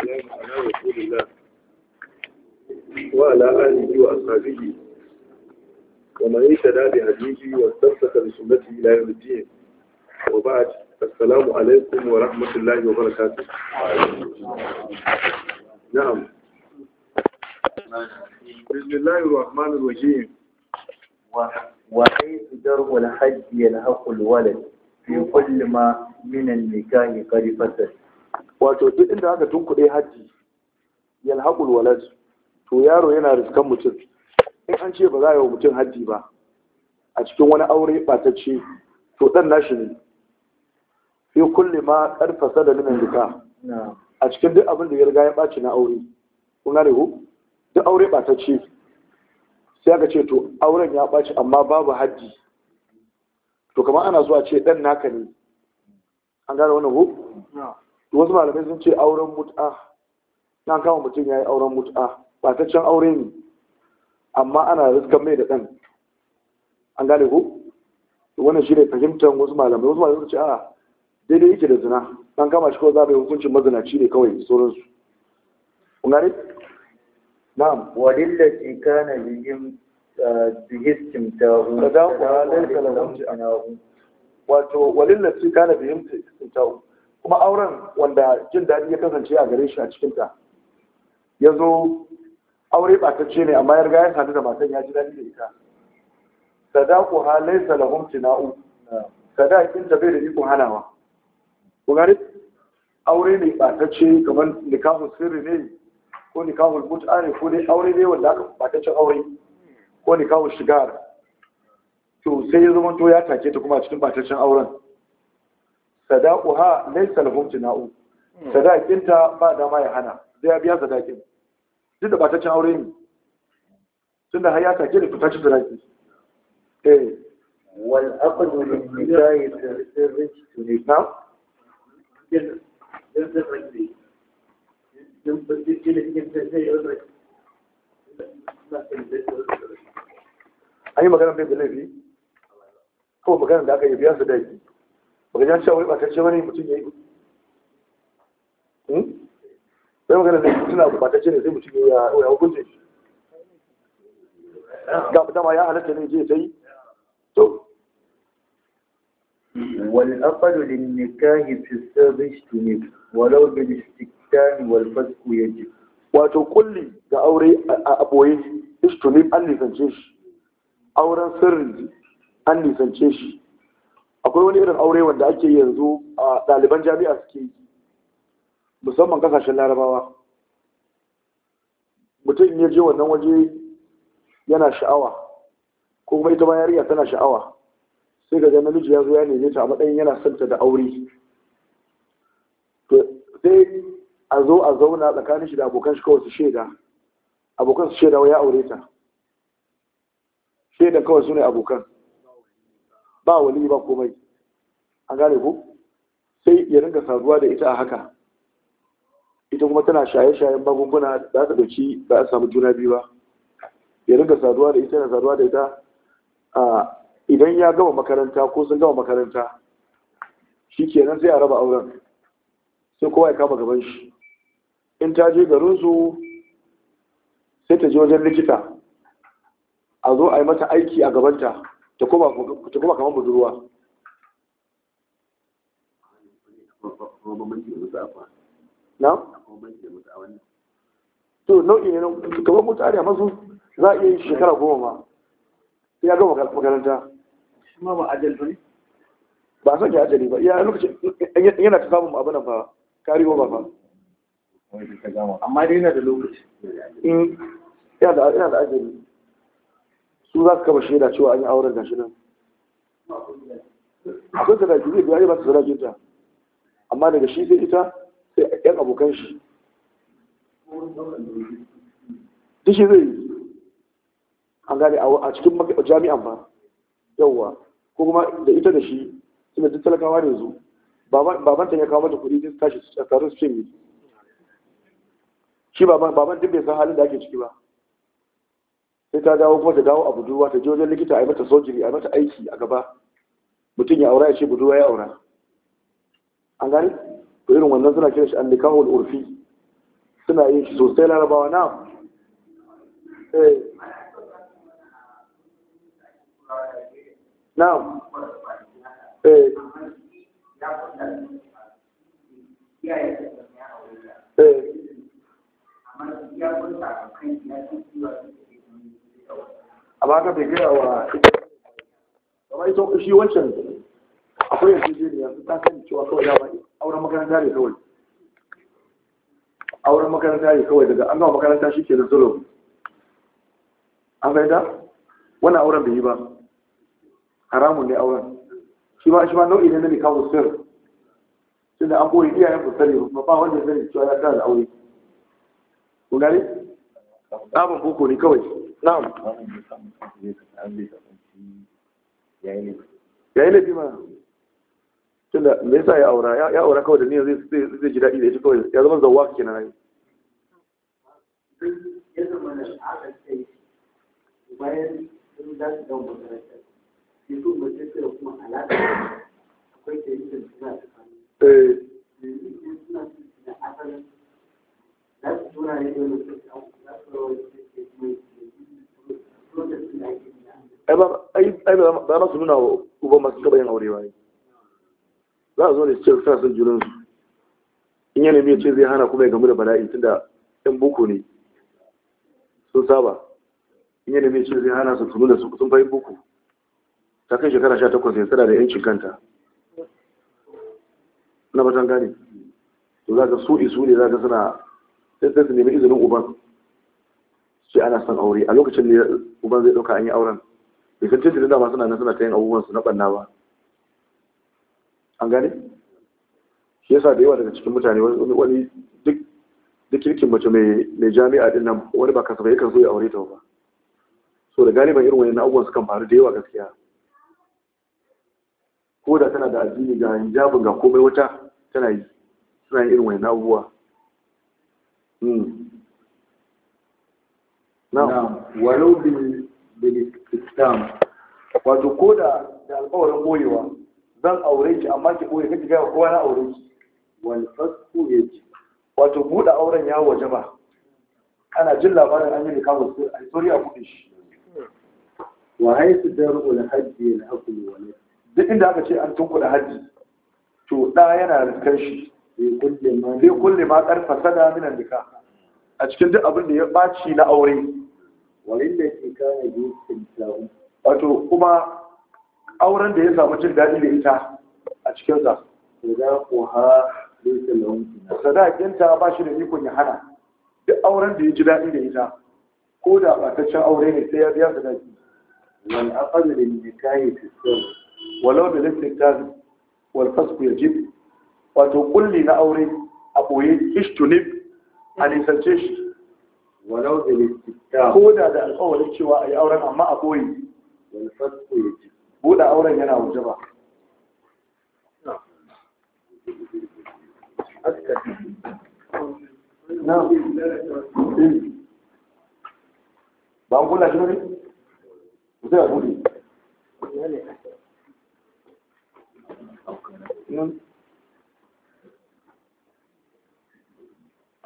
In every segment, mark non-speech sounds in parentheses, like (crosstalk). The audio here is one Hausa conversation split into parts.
على رسول الله وعلى آله وأصحابه ومن اهتدى بهديه واستمسك بسنته إلى يوم الدين وبعد السلام عليكم ورحمة الله وبركاته نعم بسم الله الرحمن الرحيم وحيث درء الحج يلحق الولد في كل ما من النكاح قد فسد wato duk inda aka tunkuɗe hajji haƙul walad to yaro yana riskan mutum in an ce ba za a yi wa mutum hajji ba a cikin wani aure ɓatacce to ɗan nashi ne fi kulle ma ƙarfasa da minan duka a cikin duk abin da ya riga ya ɓaci na aure kun gane ku duk aure ɓatacce sai aka ce to auren ya ɓaci amma babu hajji to kamar ana zuwa ce ɗan naka ne an gane wannan ku wasu malamai sun ce auren mut'a na kama mutum ya yi auren mut'a ba ta can aure ne amma ana riskan mai da ɗan an gane ko wannan shi ne fahimtar wasu malamai wasu malamai sun ce a daidai yake da zina Na kama shi kawai za a yi hukuncin mazinaci ne kawai sauransu kun gane na'am walillati kana bihim bihim ta hu kaza wa laysa kana bihim ta hu kuma auren wanda jin daɗi ya kasance a gare shi a cikinta ya zo aure ɓatacce ne amma ya riga ya sadu da matan ya ji daɗi da ita sadaku ha laisa lahum tina'u sadakin ta bai da iko hanawa ku gani aure ne ɓatacce kamar nikahu sirri ne ko nikahu mut'a ne ko dai aure ne wanda aka ɓatacce aure ko nikahu shigar to sai ya zama to ya take ta kuma a cikin ɓataccen auren sadaquha laysa lahum jina'u hmm. sadakinta ba da ya hana zai biya sadakin duk da batacin aure ne tunda har ya sake da fitacin sadaki eh wal aqdu lil nisa'i sirri tunisa an yi magana bai da laifi ko magana da aka yi biyan sadaki baka jan cewa wani ɓatacce wani mutum ya yi sai hmm? magana da mutum na ɓatacce ne sai mutum ya yi hukunce shi ga dama ya halatta ne je ta yi to والأقل للنكاح في السابع تنيب ولو بالاستكتان والفسق يجب wato kulli ga aure a ɓoye ishtunib an nisance shi auren sirri an nisance shi akwai wani irin aure wanda ake yanzu a ɗaliban jami'a suke yi musamman kasashen larabawa mutum ya je wannan waje yana sha'awa ko kuma ita ma yariya tana sha'awa sai ga namiji ya zo ya neme ta a matsayin yana santa da aure to sai a zo a zauna tsakanin shi da abokan shi kawai su shaida abokan su shaida ya aure ta shaida kawai su ne abokan ba wali ba komai an gane ku. sai ya rinka saduwa da ita a haka ita kuma tana shaye-shayen magunguna da aka dauki ba a samu juna biyu ba ya rinka saduwa da ita na saduwa da ita idan ya gama makaranta ko sun gama makaranta shi kenan sai a raba auren sai kowa ya kama gaban shi in ta je garinsu sai ta je wajen likita a zo a yi mata aiki a gabanta ta koma kamar budurwa na? to nau'i ne kamar mutu a masu za a iya yi shekara goma ma sai ya gama makaranta shi ma ba ajal ba ne ba a sanke ajali ba ya lokaci yana ta samun abin ba kari ba ba amma dai yana da lokaci yana da ajali su za su kama shaida cewa an yi auren gashi nan akwai sadaki zai biya ba su sadakin ta amma daga shi sai ita sai yan abokan shi duk shi zai an gane a cikin jami'an ba yauwa ko kuma da ita da shi suna duk talakawa ne zu ta ya kawo mata kuɗi duk tashi a tsarin su ce shi baban duk bai san halin da ake ciki ba sai ta dawo kuma ta dawo a budurwa ta jojen likita a yi mata sojiri a yi mata aiki a gaba mutum ya aura ya ce budurwa ya aura an gani ko irin wannan suna kira shi annikahul urfi suna yin shi sosai larabawa na eh. na'am eh eh a baka bai gaya wa kamar ita shi wancan akwai yanzu jini yanzu ta sani cewa kawai dama auren makaranta ne kawai auren makaranta ne kawai daga an gama makaranta shi ke da zolo an gaida wani auren da yi ba haramun ne auren shi ma shi ma nau'i ne na ne kawo sir tun da an boye iyayen ku sani ba ba wanda ya sani cewa ya da aure ku gani tsabin boko ne kawai na'am yayi laifi ma tunda me yasa ya aura ya aura kawai da ni zai ji daɗi da ita kawai ya zama zawwa kenan ai ya zama da ce bayan kuma alaƙa suna tsakanin suna asalin za su tura za su Ba ba su nuna wa uban masu taɓa yin aure waye za a zo da cikin suna son junansu in yana mai ce zai hana kuma ya gamu da bala'i tunda yan boko ne sun saba in yana mai ce zai hana su tunu da sun fahim boko ta kai shekara sha takwas ya tsada da yancin kanta na batan gane to za ka su isu ne za ka suna sai su nemi izinin uban sai ana son aure a lokacin ne uban zai ɗauka an yi auren bai san da masu suna nan suna ta yin abubuwan na banna ba an gane shi yasa da yawa daga cikin mutane wani duk kirkin mace mai jami'a din nan wani ba kasafai kan zo ya aure ta ba so da galiban irin wani abubuwan kan faru da yawa gaskiya ko da tana da addini ga hijabin ga komai wata tana yi suna yin irin wani abubuwa hmm. na'am walau bil wato ko da da alƙawarin boyewa zan aure shi amma ki boye kake ga kowa na aure shi wal ya yaji wato buɗe auren ya waje ba ana jin labarin an yi kawo su a sori a kuɗi shi wa haisu daru da hajji na hakuli wani duk inda aka ce an tunkuɗa hajji to ɗa yana riskar shi zai kulle ma ƙarfa sada minan nika a cikin duk abin da ya ɓaci na aure walilla ke kana yusin lahu wato kuma auren da ya samu jin daɗi da ita a cikin sa sadaquha laysa lahu Sadakinta ba shi da ikon ya hana duk auren da ya ji daɗi da ita ko da bataccen aure ne sai ya biya sadaqi wal aqd lil nikahi fi sirr walau da listikaz walfasku ya ji? wato kulli na aure a boye ishtunib a nisance shi walau da littita da da alƙawarin cewa a yi auren amma a boye wal fasqu yaji auren yana waje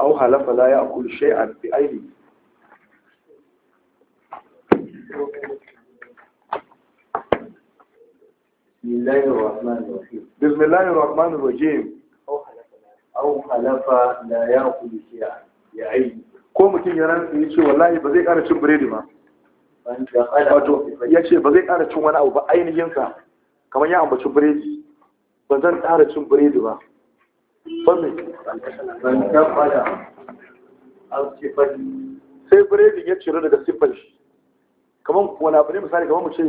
أو حلف لا يأكل شيئا بأيدي بسم الله الرحمن الرحيم بسم الله الرحمن الرحيم أو حلف لا يأكل شيئا بأيدي ko mutum ya rantsa ya ce wallahi ba zai ƙara cin biredi ba wato ya ce ba zai kara cin wani abu ba ainihinsa kamar ya ambaci biredi ba zan kara cin biredi ba bame ban tabbata an sifari sai biredin ya ciro daga siffar shi kamar wani abu ne misali kamar mu ce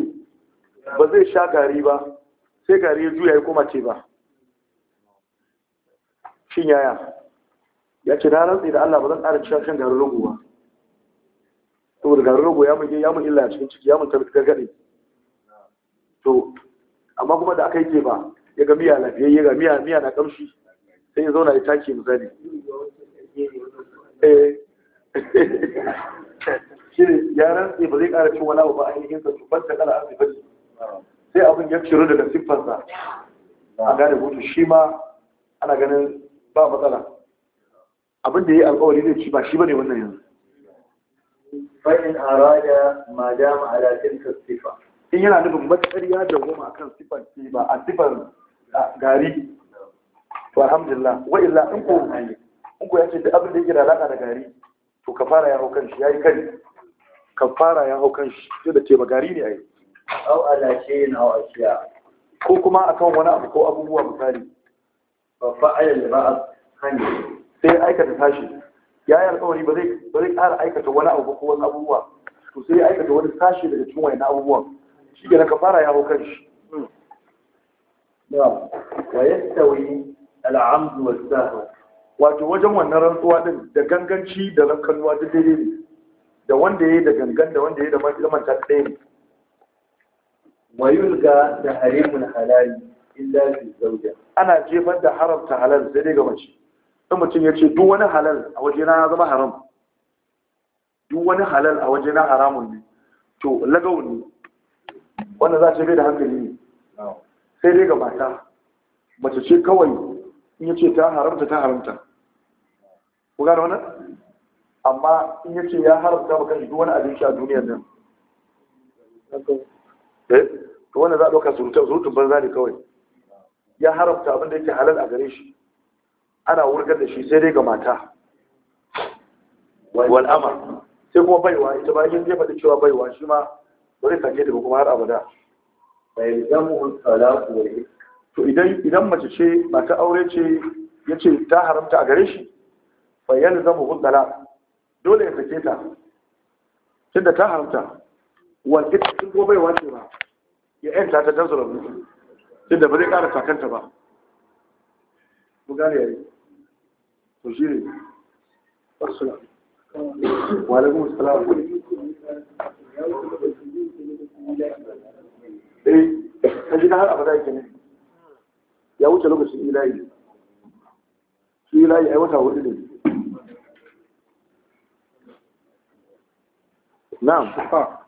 ba zai sha gari ba sai gari ya juya ya koma ce ba shin yaya ya ce na rantsi da Allah ba zan ƙara cikin shan garin rogo ba saboda garin rogo ya mun ya mun illa a cikin ciki ya mun tabbata gargaɗe to amma kuma da aka yi ce ba ya ga miya lafiya ya ga miya miya na kamshi sai ya zauna ya take misali eh. (laughs) shi ne ya rantse ba zai ƙara cin wani ba ainihin sa tubar da kala arzi bane sai abin ya ciro daga siffarsa a gane hutu shi ma ana ganin ba matsala abin da ya yi alƙawari zai ci ba shi bane wannan yanzu fa'in arada ma dama ala tilka sifa in yana nufin matsariya da goma akan siffar ba a siffar gari to alhamdulillah wa illa in ko in ko ya ce duk abin da yake da alaka da gari to ka fara ya hau kanshi yayi kari ka fara ya hau kanshi duk da ce ba gari ne ai au ala shay'in au ashiya ko kuma akan wani abu ko abubuwa misali ba fa'ala ba hani sai aikata tashi ya yi alƙawari ba zai ƙara aikata wani abu ko wani abubuwa to sai ya aikata wani tashi daga cikin wani abubuwan shi ke ka fara yawo kanshi. shi hmm. wa yastawi al'amdu wa sahu wato wajen wannan rantsuwa ɗin da ganganci da rankanuwa duk daidai ne da wanda ya yi da gangan da wanda ya yi da manta ɗaya ne wa yulga da harimul halali illa fi zauja ana jefar da haramta halal sai dai ga mace in mutum ya ce duk wani halal a waje na zama haram duk wani halal a waje na haramun ne to lagau ne wanda za ce bai da hankali ne sai dai ga mata mace ce kawai in yace ta haramta ta haramta ku gane wannan amma in yace ya haramta ba kan duk wani abinci a duniyar nan eh to wannan za a ɗauka surutun surutun banza ne kawai ya haramta abin da yake halal a gare shi ana wurgar da shi sai dai ga mata wal amar sai kuma baiwa ita ba yin da cewa baiwa shi ma ba zai sake ta kuma har abada bai zamu talaku wal to idan mace ce ba aure ce ya ce ta haramta a gare shi bayan zama hudala dole ya sake ta tunda ta haramta wanda ta sun ko wace ba ya yanta ta dansu rabu tunda ba zai kara takanta ba mu gane yayi to shi ne assalamu wa alaikum assalam eh kaji har abada yake ne يا وجه لغة إلهي إلهي أي وجه هو نعم صحا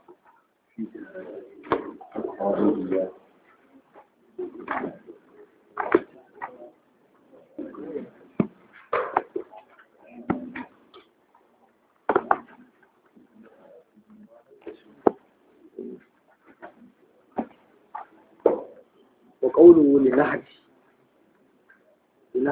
وقوله لنحكي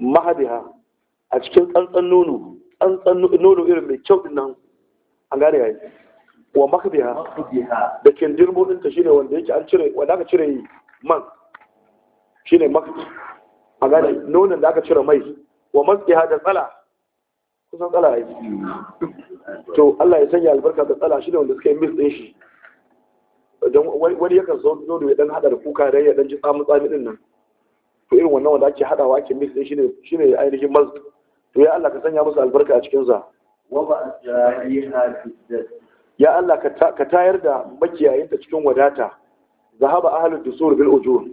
mahadiha a cikin tsantsan nono tsantsan nono irin mai kyau din nan an gane yayi wa mahadiha da kindir din ta shine wanda yake an cire wanda aka cire man shine mahadi an gane nonon da aka cire mai wa mahadiha da tsala kusan tsala yayi to Allah ya sanya albarka da tsala shine wanda suka yi mix din shi don wani yakan zo nono ya dan hada da kuka dan ya dan ji tsamu tsami din nan to irin wannan wanda ake hadawa ake mix din shine shine ainihin malt to ya Allah ka sanya musu albarka a cikin sa wa ba jariha ya Allah ka tayar da makiyayin cikin wadata zahaba ahlud dusur bil ujur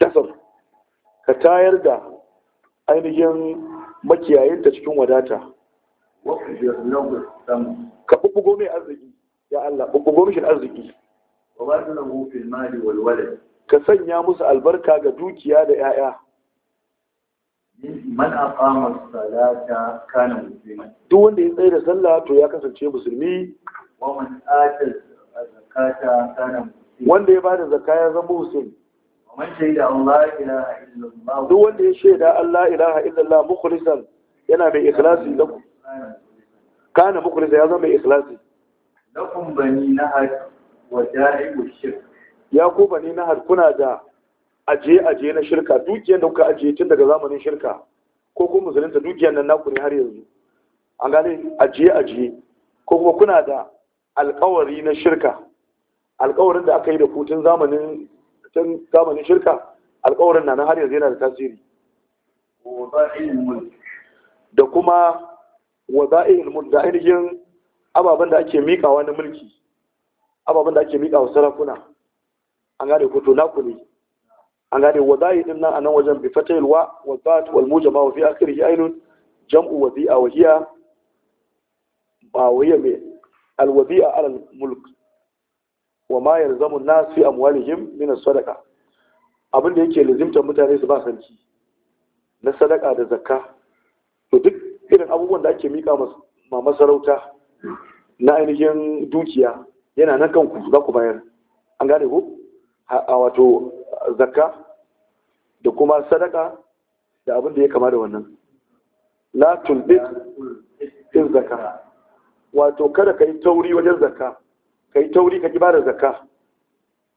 dasar ka tayar da ainihin makiyayin cikin wadata ka bubbugo mai arziki ya Allah bubbugo mishi arziki wa ba ta lahu fil mali wal walad ka sanya musu albarka ga dukiya da 'ya'ya man aqama salata kana musliman duk wanda ya tsaya da sallah to ya kasance musulmi wa man ata zakata kana muslim wanda ya bada zakka ya zama muslim wa man shaida Allah ilaha illallah duk wanda ya shaida Allah ilaha illallah mukhlisan yana mai ikhlasi lakum kana mukhlisan ya zama mai ikhlasi lakum bani na nahar wa da'i shirk ya ko ne na harkuna da aje aje na shirka dukiyar da kuka aje tun daga zamanin shirka ko kuma musulunta dukiyar nan naku ne har yanzu an gane aje aje ko kuma kuna da alkawari na shirka alkawarin da aka yi da ku tun zamanin shirka alkawarin na har yanzu yana da tasiri da kuma waza'il mulk da ainihin ababen da ake mika wani mulki ababen da ake mika wa sarakuna an gane ko to naku ne an gane wadai din nan anan wajen bi fatayil wa wa zat wal mujama wa fi akhirih ainun jam'u wadi'a wa hiya ba waya me al wadi'a ala al mulk wa ma yalzamu an-nas fi amwalihim min as-sadaqa abin da yake lazimtar mutane su ba sanci na sadaka da zakka to duk irin abubuwan da ake mika ma masarauta na ainihin dukiya yana nan kanku za ku bayar an gane ku a wato zakka da kuma sadaka da abin da ya kama da wannan la tulbit in zakka wato kada ka yi tauri wajen zakka ka yi tauri ka ki bada zakka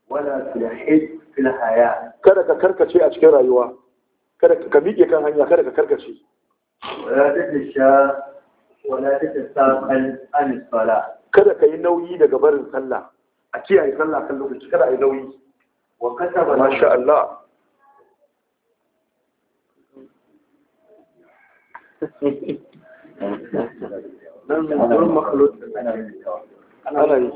wala tilahid fil haya kada ka karkace a cikin rayuwa kada ka miƙe kan hanya kada ka karkace wala tadasha wala tatasaqal an sala kada ka yi nauyi daga barin sallah a kiyaye sallah kan lokaci kada a yi nauyi وكتب ما شاء الله من مخلوط أنا أنا أنا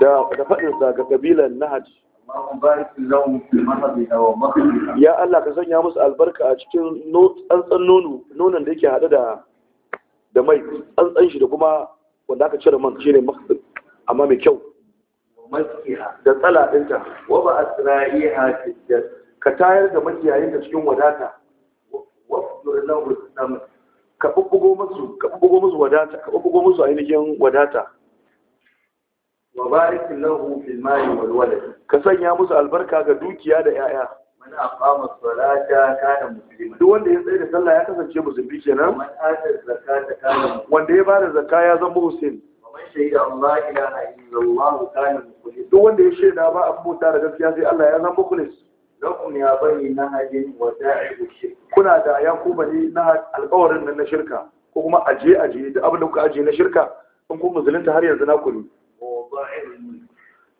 لا لا لا قبيله النهج ya Allah ka sanya musu albarka a cikin tsantsan nono nonon da yake haɗe da da mai tsantsan shi da kuma wanda aka cire man shine makasir amma mai kyau da tsala ɗinta wa ba a tsira'iha ka tayar da da cikin wadata ka bubbugo musu ka bubbugo musu wadata ka bubbugo musu ainihin wadata وبارك له في المال والولد كسن يا موسى البركه ga dukiya da yaya man aqama salata kana musliman duk wanda ya tsaya sallah ya kasance musulmi kenan man ata zakata kana wanda ya bada zakka ya zama musulmi man shaida Allah ilaha illallah kana mukhlis duk wanda ya shaida ba a bauta da gaskiya sai Allah ya zama mukhlis lakum ya bani nahajin wa da'ibu shirk kuna da ya ku bani na alƙawarin nan na shirka ko kuma aje aje duk abin da kuka aje na shirka in kun musulunta har yanzu na kuni.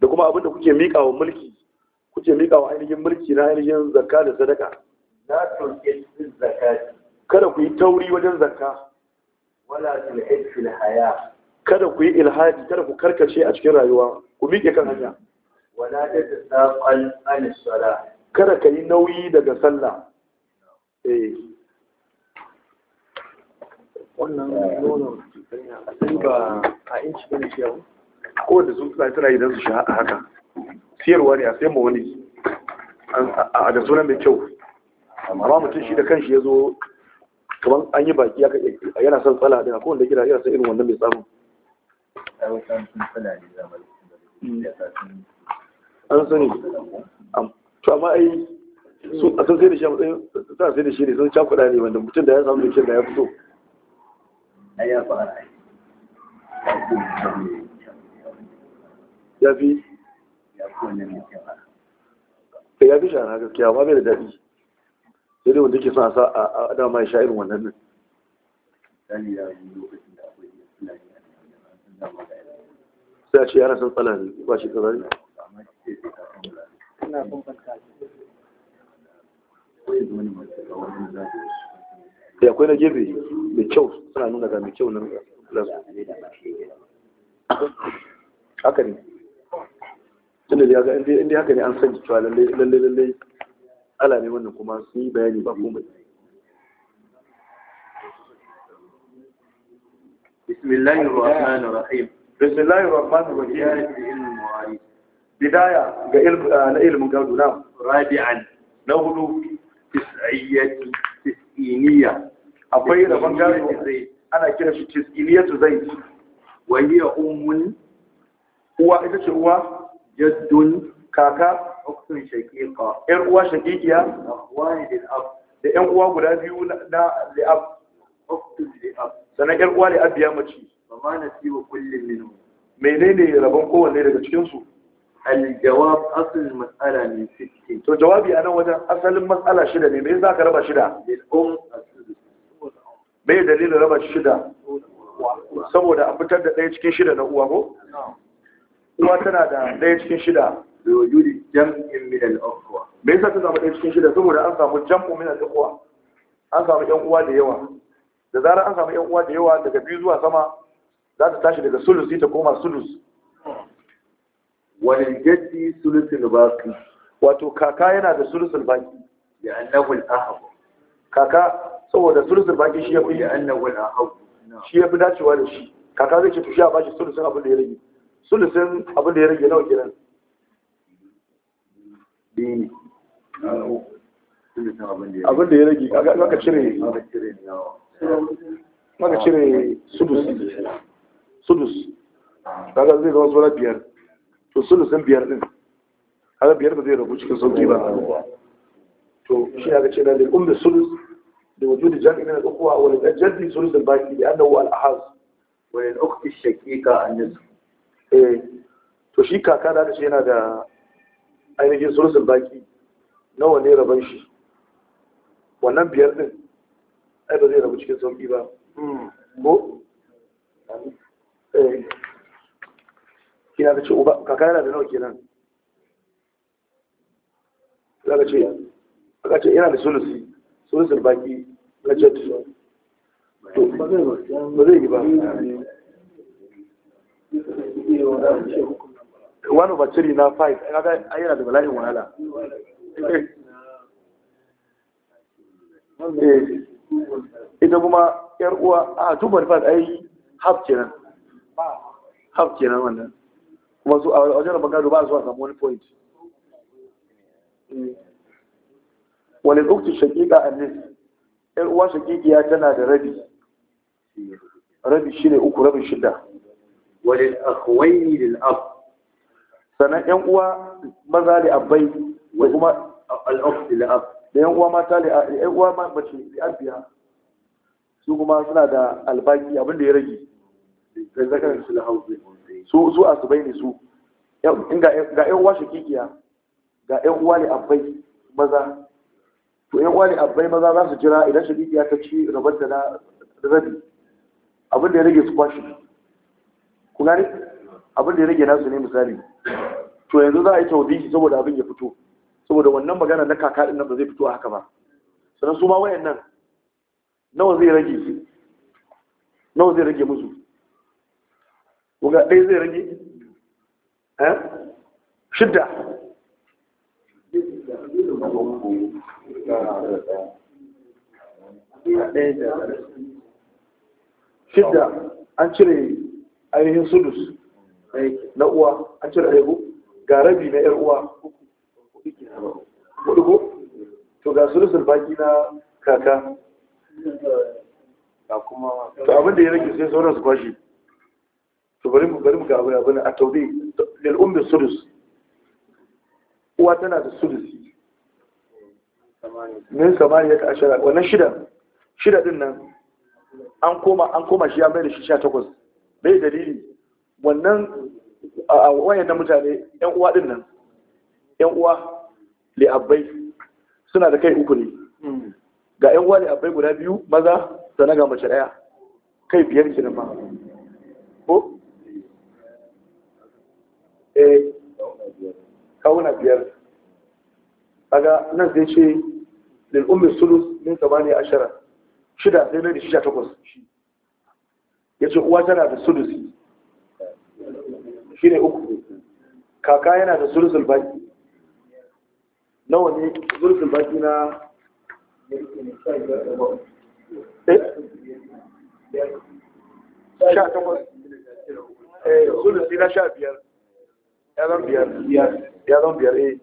da kuma abin da kuke miƙa wa mulki kuke miƙa wa ainihin mulki na ainihin zakka da sadaka Na la tulqil zakati kada ku yi tauri wajen zakka wala tulqil fil haya kada ku yi ilhadi kada ku karkace a cikin rayuwa ku miƙe kan hanya wala tatasaqal an salah kada ka yi nauyi daga sallah eh wannan nono a ba a inci bane shi yau A kowanne sun suna tana idan su a haka siyarwa ne a sayan ma wani a da sunan mai kyau amma mutum shi da kanshi ya zo kamar an yi baki yana son tsala da kowanne gida yana son irin wannan mai tsarin mm. an sani to amma ai sun a sai da shi a matsayin za sai da shi ne sun cakuɗa ne wanda mutum da ya samu da da ya fito ya fi ya fi shara gaskiya ba bai da daɗi sai dai wanda ke son a sa a dama ya sha irin wannan nan sai a ce yana son tsala ne ba shi kaza ne da akwai na gefe mai kyau suna nuna ga mai kyau nan haka ne tunda da ya ga inda haka ne an san cewa lalle lalle ala ne wannan kuma su yi bayani ba komai rahim rahim bidaya ga ah, na ilmin gado na rabi'an na hudu tis'iyyati tis'iniya akwai rabon gado ana kira shi tis'iniyatu zai wa hiya ummun uwa ita ce uwa jaddun kaka oksun shakiqa ɗan uwa shakiqiya na wani da ab da ɗan uwa guda biyu na da ab oksun da ab sannan ɗan uwa da ab ya mace ba ma na fi wa kullum minu menene rabon kowanne daga cikin su jawab asalin mas'ala ne fiske to jawabi a wajen asalin mas'ala shida ne me za ka raba shida um me dalilin raba shida saboda a fitar da ɗaya cikin shida na uwa ko uwa tana da ɗaya cikin shida da wujudi jam'in min al-ukhwa me yasa ta samu ɗaya cikin shida saboda an samu jam'u min al-ukhwa an samu ƴan uwa da yawa da zarar an samu ƴan uwa da yawa daga biyu zuwa sama za ta tashi daga sulusi ta koma sulus Wani jaddi sulusul baki. wato kaka yana da sulusul baki. ya annahu al-ahab kaka saboda sulusul baki shi ya fi annahu al-ahab shi ya fi dacewa da shi kaka zai ce to shi a bashi sulusun abin da ya rage sulusun abin da ya rage nawa kenan biyu abin da ya rage aka cire aka cire sudus sudus kaga zai zama sura biyar to sulusun biyar din kaga biyar ba zai rabu cikin sauki ba to shi aka ce na lil ummi sudus da wujudi jami'in al-ukhwa wal jaddi sulusul baqi li annahu al-ahaz wa lil ukhti ash-shaqiqa an-nisf Eh, to shi kaka da aka ce yana da ainihin surusul baki nawa ne rabon shi wannan biyar din ai ba zai rabu cikin sauki ba hmm, ko eh, kina da ce uba kaka yana da nawa kenan zaka ce aka ce yana da sulusi sulusul baki na jet to ba zai yi ba wani baciri na 5 a yana da bala'in wahala eh, ita kuma yar uwa a 2.5 ai half kenan half kenan wannan kuma su a wajen bagado ba a samu wani point wani ukti shakika a nis yar uwa shakikiya tana da rabi rabi shi ne uku rabin shida walil akhwaini lil ab sanan yan uwa maza da abbai wa kuma al ukh lil ab da yan uwa mata li yan uwa mace da abiya su kuma suna da albaki abin da ya rage da zakar su hauzi su su asubai ne su ga yan uwa shakikiya ga yan uwa li abai maza to yan uwa li abai maza za su jira idan shakikiya ta ci rabar da na rabi abin da ya rage su kwashi kuna ne? abin da ya rage nasu ne misali to yanzu za a yi shi saboda abin ya fito saboda wannan magana na kaka din nan ba zai fito haka ba sannan su ma wayannan nawa zai rage nawa zai rage musu kuga ɗaya zai rage eh shidda shidda an cire ainihin sudus na uwa an cire ɗaya ga rabi na ‘yar uwa hudu ko? to ga sudus baki na kaka to abin da ya rage sai sauran su kwashe to bari mu bari mu ga abu abin a taube lil ummi sudus uwa tana da sudus. min samaniya ta ashara wannan shida shida din nan an koma an koma shi ya mai da shi 18 bai dalili wannan a wayan na mutane yan uwa din nan yan uwa li'abbai suna da kai uku ne ga yan uwa li'abbai guda biyu maza sana ga mace daya kai biyar ki kenan ba ko eh kawuna biyar aga nan zai ce lil ummi sulus min 18 shida sai na da takwas ya ce uwa tana da sulusi shi ne uku kaka yana da sulusul baki nawa ne sulusul baki na eh? sha takwas eh, sulusi na sha biyar ya zan biyar ya zan biyar eh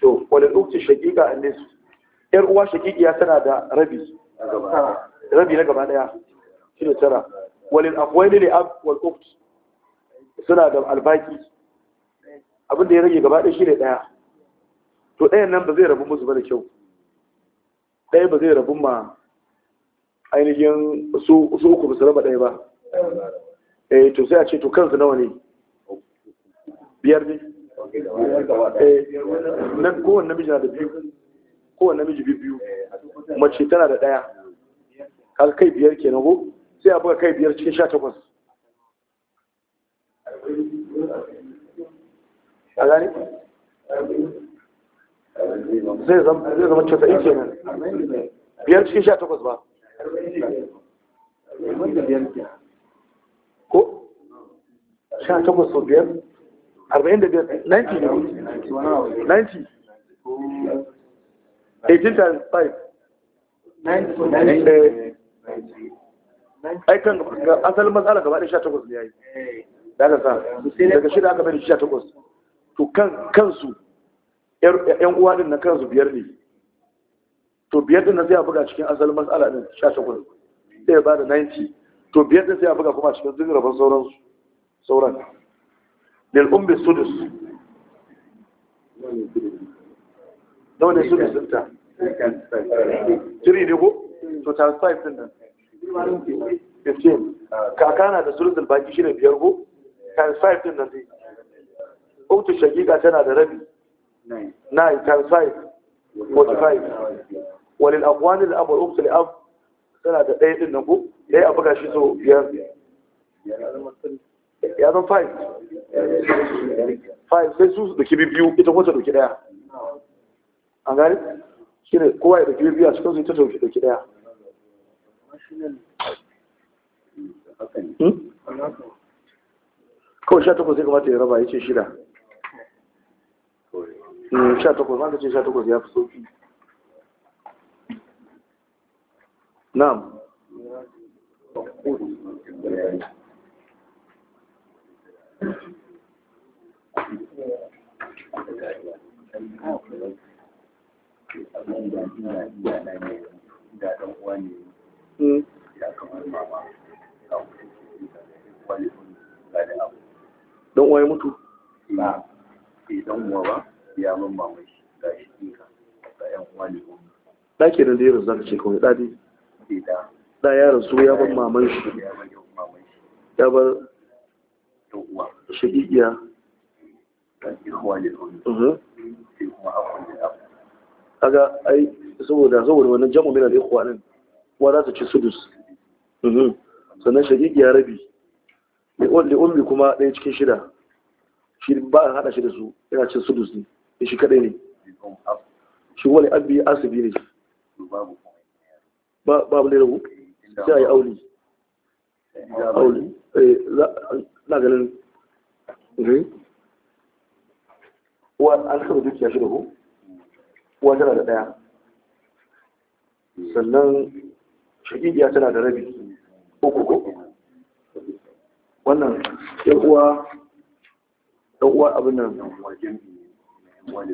to wadda ɗaukci shakika a nesu ‘yar uwa shakikiya tana da rabi rabi na gaba ɗaya shi da tara walil akwai ne ab wal ukt suna da albaki abin da ya rage gaba ɗaya shi ne ɗaya to ɗayan nan ba zai rabu musu ba da kyau ɗaya ba zai rabu ma ainihin su uku ba su raba ɗaya ba eh to sai a ce to kansu nawa ne biyar ne eh, nan kowane namiji na da biyu kowane namiji biyu mace tana da ɗaya kai biyar kenan ko sai a buga kai biyar cikin sha takwas a gani zai zama ike kenan biyar cikin sha takwas ba ko sha takwas so biyar arba'in da biyar 90 90 eighteen times 5 ai kan asalin matsala gaba ɗaya sha takwas ne ya yi ka sa daga shida aka bari sha takwas to kan kansu yan uwa din na kansu biyar ne to biyar din na zai buga cikin asalin matsala din sha takwas sai ya bada 90 to biyar din sai a buga kuma cikin zin rabon sauran sauran lil ummi sudus nawa ne sudus ta? 3 ne ko to times 5 din nan 15 kaka na da sulul baki shi ne biyar go times 5 din nan dai uktu shaqiqa tana da rabi 9 times 5 45 walil aqwan al abu wal uktu al ab tana da ɗaya din nan ko dai a buga shi so biyar ya zan 5 5 sai su da kibi biyu ita kuma ta doki daya an gani shi kowa ya doki biyu a cikin su ita ta doki daya Hmm? kawai sha takwas ya kamata ya raba ya ce shida hmm, ya fi sauki na'am dan uwa ya mutu ba idan uwa ba ya mun mamai shi ga shi ka ga yan uwa ne da ke nan da yaron zaka ce kawai da dai da yaron su ya ban maman shi ya bar shagigiya mhm. kaga ai saboda saboda wannan jamu min al-ikhwa din kuwa za su ci sudus mhm. sannan shagigi ya rabi li'ummi um, kuma ɗaya cikin shida shi ba a haɗa shi da su yana cin sudus ne da shi kaɗai ne shi wani abi asibi ne babu ne rabu sai a yi auli auli eh, na ganin mhm. wa an kama dukiya shi da ku wa tana da ɗaya sannan shaƙiƙiya tana da rabi uku ko wannan yan uwa abin nan yan eh,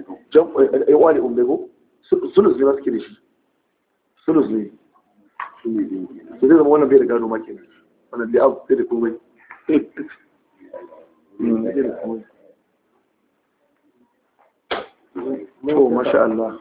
eh, uwa ne umbego sulus ne masu ke da shi sulus ne su zai zama wannan bai da gano ma kenan wannan da abu ah, bai da komai (laughs) Oh, masha Allah.